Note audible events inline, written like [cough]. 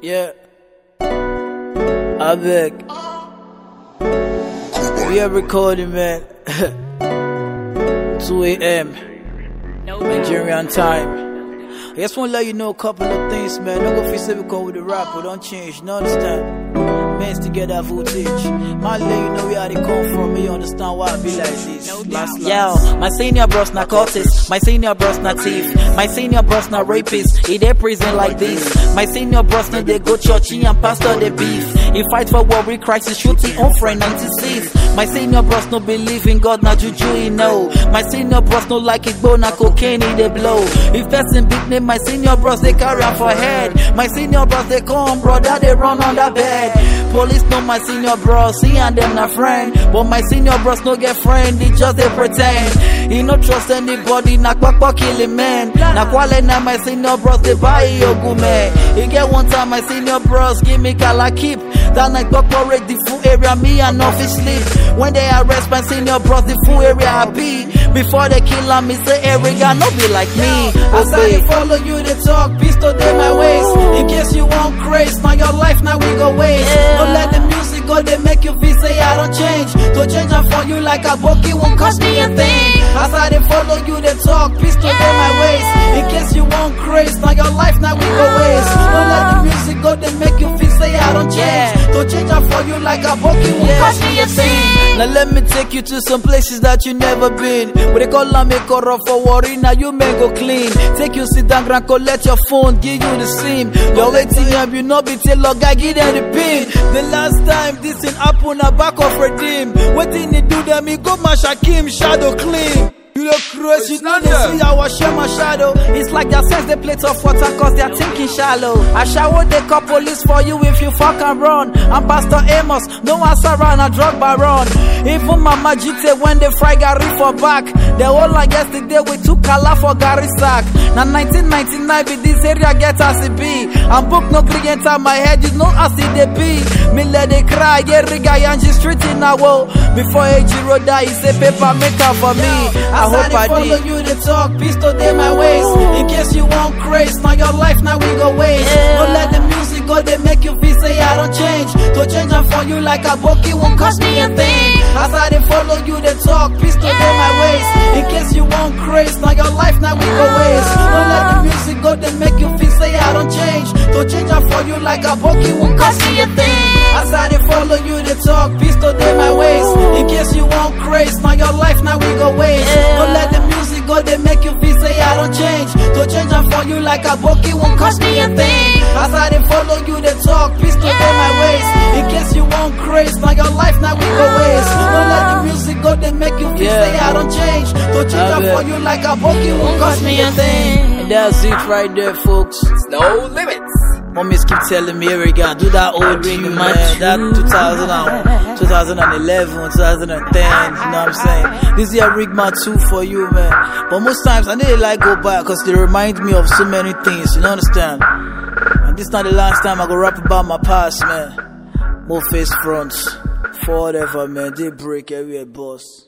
Yeah. beg. We are recording, man. [laughs] 2 a.m. Nigerian time. I just want to let you know a couple of things, man. Don't go feel sick with the rapper. Don't change. No understand? Men's together voltage. My lane. Nobody come from me, understand why I be like this. No last, last. Yo, my senior bros not cultists, my senior bros not thief, my senior bros not rapists. He they prison like this. My senior bros need they go church and pastor the beef. He fight for what we crisis, shooting on friend and 96. My senior bros no believe in God, not juju he know. My senior bros no like it, but na cocaine he they blow. If that's in big name, my senior bros they carry up for head. My senior bros they come, brother they run on the bed police know my senior bros, he and them na friend. But my senior bros no get friend, they just they pretend. He no trust anybody, na kwakwa killing man. Na kwale na my senior bros, they buy your man. He get one time my senior bros, give me kala keep. That night corporate the full area, me and office sleep. When they arrest my senior bros, the full area I be. Before they kill me, say area no be like me. say you follow you, they talk, Pistol to my ways. In case you want grace, now your life now we go waste. on you like a book, it won't cost me a thing. I started follow you, the talk, pistol yeah. down my waist. In case you want craze, now your life, now we go waste. Don't let the music go, they make you feel say I don't change. Don't change up for you like a book, it won't cost me now let me take you to some places that you never been. Where they call me corrupt for worry, now you may go clean. Take you sit down, grand collect your phone, give you the sim. Your ATM, you know be tell log, I give them the pin. The last time this thing happen, I back off redeem. What did he do? then me go mash Shakim, shadow clean. You look crazy. They see our shame my shadow. It's like their sense they plate of water cause they're thinking shallow. I shower the couple is for you if you fuck and run. I'm Pastor Amos, no answer around a drug baron. Even Mama Jite when they fry Gary for back. they all like yesterday we took Kala for Gary sack. Now 1999 be this area get as it be. I'm book no client on my head, you know as it be. Me let it cry, yeah, reggae and she's treating now. Before a Jiro die, it's a paper maker for me. I As hope I, I follow did. you to talk, peace to my ways. In case you want grace, now your life now we go waste. Yeah. Don't let the music go, they make you feel say I don't change. To change I'm for you like a book, it won't cost me a thing. As I did follow you, they talk, peace to yeah. my ways. In case you want grace, now your life now we go waste. Don't let the music go, they make you feel say I don't change. To change I'm for you like a book, it won't cost me a thing. As I follow you, they talk, pistol them my waist. In case you want craze, now your life, now we go waste. Yeah. Don't let the music go, they make you feel say I don't change. Don't change them for you like a book, it won't cost me a thing. As I did follow you, they talk, pistol yeah. them my waist. In case you want craze, now your life, now we go oh. waste. Don't let the music go, they make you feel yeah. say I don't change. Don't change them for you like a book, it won't cost me a thing. And that's it right there, folks. No limits. Mommies keep telling me, every do that old thing, man. That 2001, 2011, 2010, you know what I'm saying? This year, rig my two for you, man. But most times, I need to like go back because they remind me of so many things, you understand? And this not the last time I go rap about my past, man. More face fronts. Forever, man. They break everywhere, boss.